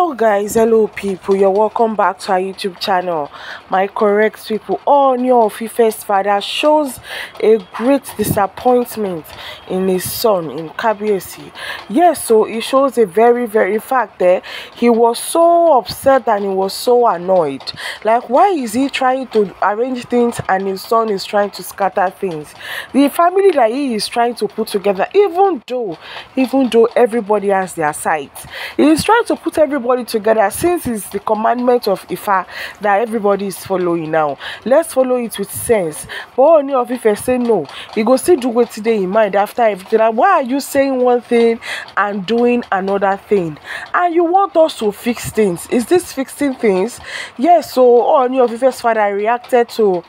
hello guys hello people you're welcome back to our youtube channel my correct people new of Ife's father shows a great disappointment in his son in Kabiyesi yes so he shows a very very fact that he was so upset and he was so annoyed like why is he trying to arrange things and his son is trying to scatter things the family that he is trying to put together even though even though everybody has their sides he is trying to put everybody everybody together since it's the commandment of Ifa that everybody is following now let's follow it with sense but Ooni of Ife say no he go still do wetin dey in mind after everything and why are you saying one thing and doing another thing and you want us to fix things is this fixing things yes so Ooni of Ife's father reacted to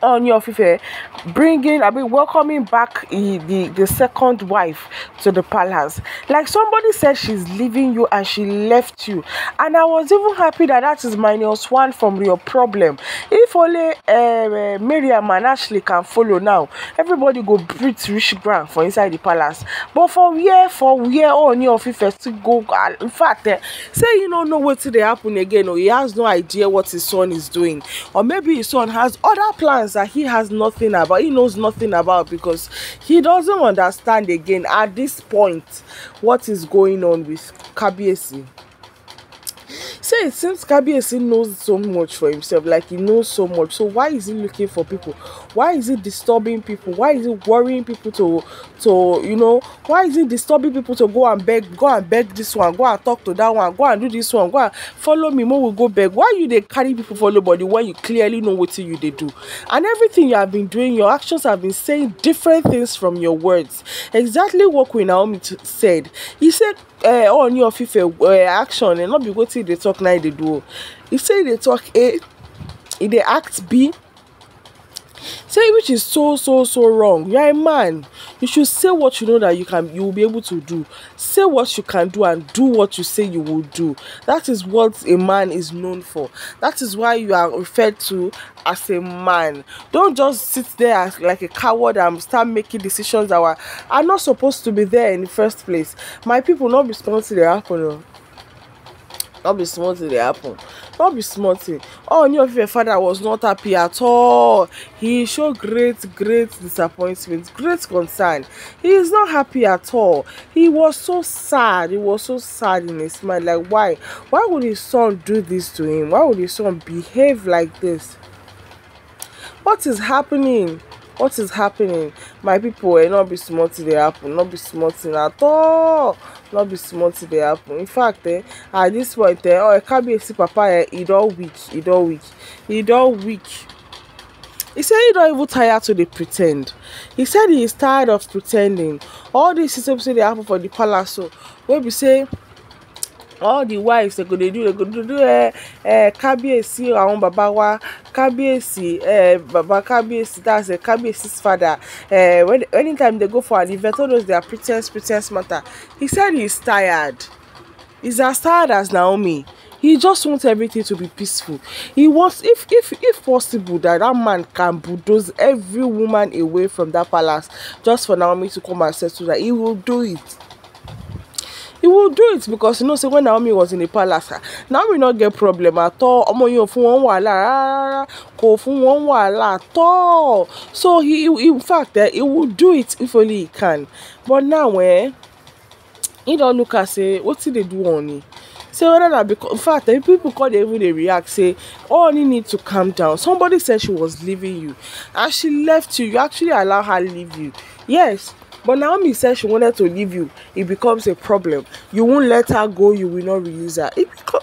Ooni of Ife bringing i mean welcoming back the, the the second wife to the palace like somebody said she's leaving you and she left you and i was even happy that that is minus one from your problem if only um, uh, miriam and ashley can follow now everybody go breathe rich ground for inside the palace but for where for where oh, Ooni of Ife to go in fact eh, say you no know wetin they happen again Or oh, he has no idea what his son is doing or maybe his son has other plans that he has nothing about but he knows nothing about because he doesn't understand again at this point what is going on with Kabiesi say it seems Kabiesi knows so much for himself, like he knows so much. So why is he looking for people? Why is he disturbing people? Why is he worrying people to to you know? Why is he disturbing people to go and beg, go and beg this one, go and talk to that one, go and do this one, go and follow me, more We go beg. Why you they carry people follow body when you clearly know what you they do? And everything you have been doing, your actions have been saying different things from your words. Exactly what Queen Naomi said. He said uh, eh, all oh, your fife uh, eh, action and not be wetin e dey talk now they do o say they talk a eh, e dey act b say which is so so so wrong you are a man you should say what you know that you can you will be able to do say what you can do and do what you say you will do that is what a man is known for that is why you are referred to as a man don't just sit there as like a coward and start making decisions that were are not supposed to be there in the first place my people not responsible sponsor dey happen not be small thing dey happen not be small thing ooni oh, of ife father was not happy at all he showed great great disappointment great concern he is not happy at all he was so sad he was so sad in his mind like why why would his son do this to him why would his son behave like this what is happening what is happening my people eh not be small thing dey happen no be small thing at all not be small thing dey happen in fact eh at this point eh oh can't be kábíyèsí papa eh e don weak e don weak e don weak he said he don't even tire to the pretend. he said he is tired of pretending. all these things wey be say happen for the palace So, oh, wey we say all the wives dem go dey do dem go do, do ẹ eh, ẹ eh, kábíyèsí àwọn bàbá wa kábíyèsí ẹ eh, Baba kábíyèsí that's ẹ kábíyèsí's father ẹ when anytime they go for an event all those their pretense pretense matter he said he's tired he's as tired as naomi he just wants everything to be peaceful he wants if if if possible that that man can bulldoze every woman away from that palace just for naomi to come and settle that he will do it he will do it because you know say when Naomi was in the palace ah, Naomi no get problem at all ọmọ yẹn ò fún wọn wàhálà rárá kò fún wọn at all so he, he in fact eh, he will do it if only he can but now eh, he don look at say wetin dey do on him say whether na because in fact eh, people call dey even dey react say Ooni oh, need to calm down somebody said she was leaving you and she left you you actually allow her leave you yes But Naomi said she wanted to leave you. It becomes a problem. You won't let her go, you will not reuse her. It, beco-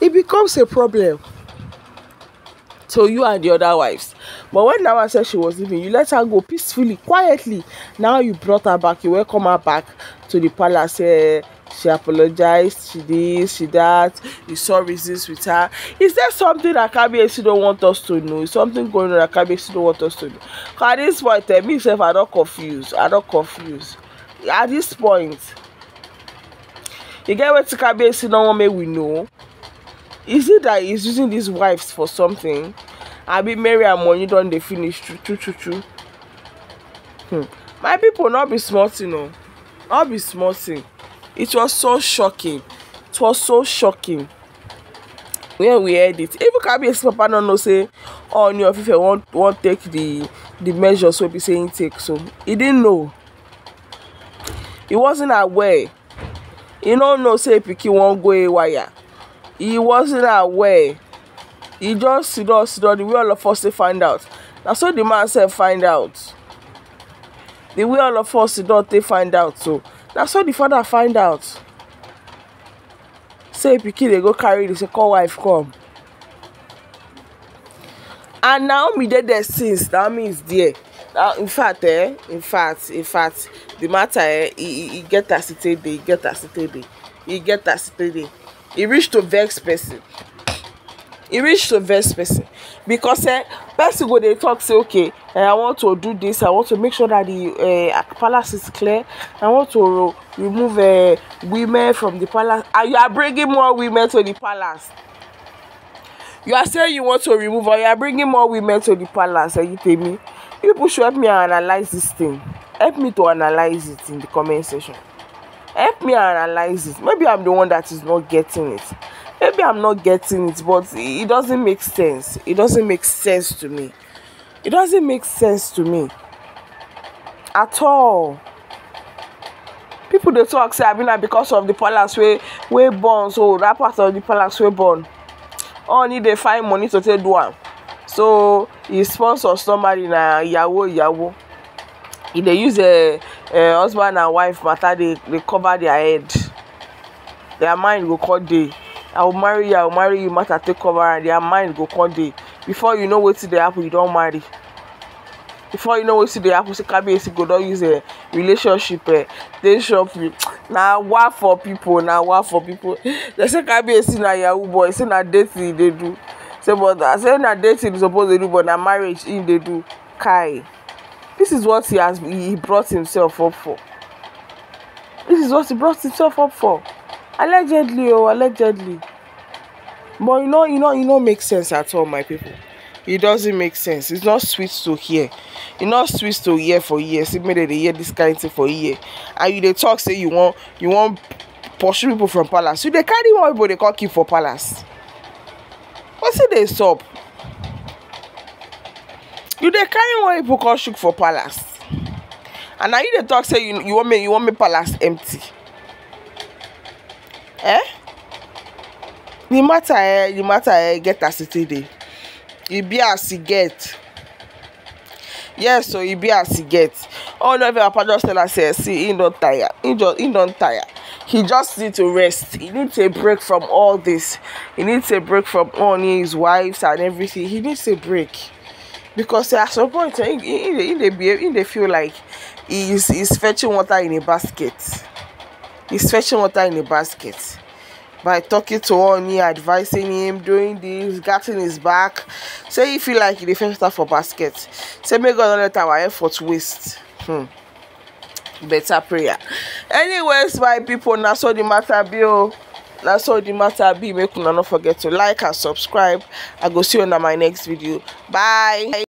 it becomes a problem. So you and the other wives. But when Naomi said she was leaving, you let her go peacefully, quietly. Now you brought her back, you welcome her back to the palace. Uh, she apologized, she this, she that, you saw reasons with her. Is there something that Kabiyesi don't want us to know? Is something going on that Kabiyesi don't want us to know? Cause at this point, eh, me myself, I don't confuse. I don't confuse. At this point, you get wetin Kabiyesi don't want me. we know? Is it that he's using these wives for something? I be Mary and Moyi don they finish true true true true. Hmm. My people not be small thing o. Oh. No be small thing it was so shocking it was so shocking when we heard it even kabiyesi papa no know say oh Ooni if you wan wan take the the measures wey be saying take so he didn't know he wasn't aware he no know say pikin won't go a wire. he wasn't aware he just sidon you sidon know, the way all of us dey find out na so the man said. find out the way all of us sidon you they find out so that's how the father find out say pikin they go carry the second wife come and now naomi dey there since That means there now in fact eh in fact in fact the matter eh He he e get as e take dey e get as e take dey e get as e take dey e reach to vex person e reach to vex person because eh, person go dey talk say okay eh, i want to do this i want to make sure that the eh, palace is clear i want to remove eh, women from the palace and you are bringing more women to the palace you are saying you want to remove or you are bringing more women to the palace eh, you tell me? people should help me analyze this thing help me to analyze it in the comment section help me analyze it maybe i'm the one that is not getting it maybe i'm not getting it but it doesn't make sense it doesn't make sense to me it doesn't make sense to me at all people dey talk say abi na because of the palace wey wey born. so that part of the palace wey burn honey dey find money to take do am so he sponsor somebody na yahoo yahoo he dey use a uh, eh, eh, husband and wife matter dey dey cover their head their mind go come dey i will marry you i will marry you matter take cover and their mind go come dey before you know wetin dey apple. you don't marry before you know wetin dey apple. say kabiyesi go don use a eh, relationship Eh. dey shop you Now what for people Now what for people They say kabiyesi na yahoo boy say na dating they do say but i say na dating e suppose dey do but na marriage in they do kai this is what he has he brought himself up for this is what he brought himself up for allegedly oh allegedly but you know you know you know make sense at all my people it doesn't make sense it's not sweet to hear It's not sweet to hear for years It made it dey hear this kind thing for year and you dey talk say you want, you want, pursue people from palace you they carry one people dey come keep for palace wetin they stop? you dey carry one people call shook for palace and na you dey talk say you you wan make you want me palace empty eh the matter eh the matter eh get as e take dey e be as e get yes o e be as e get all of our papa just tell am say see he don tire he just he don tire he just need to rest he needs a break from all this he needs a break from all his wives and everything he needs a break because at some point he he dey behave he dey feel like he is he is fetching water in a basket He's fetching water in a basket. By talking to Oni, advising him, doing this, getting his back. Say if you like, they fetch water for basket. Say may God not let our effort waste. Hmm. Better prayer. Anyways, my people, now so the matter be o. Oh. na so the matter be make una not forget to like and subscribe i go see you on my next video bye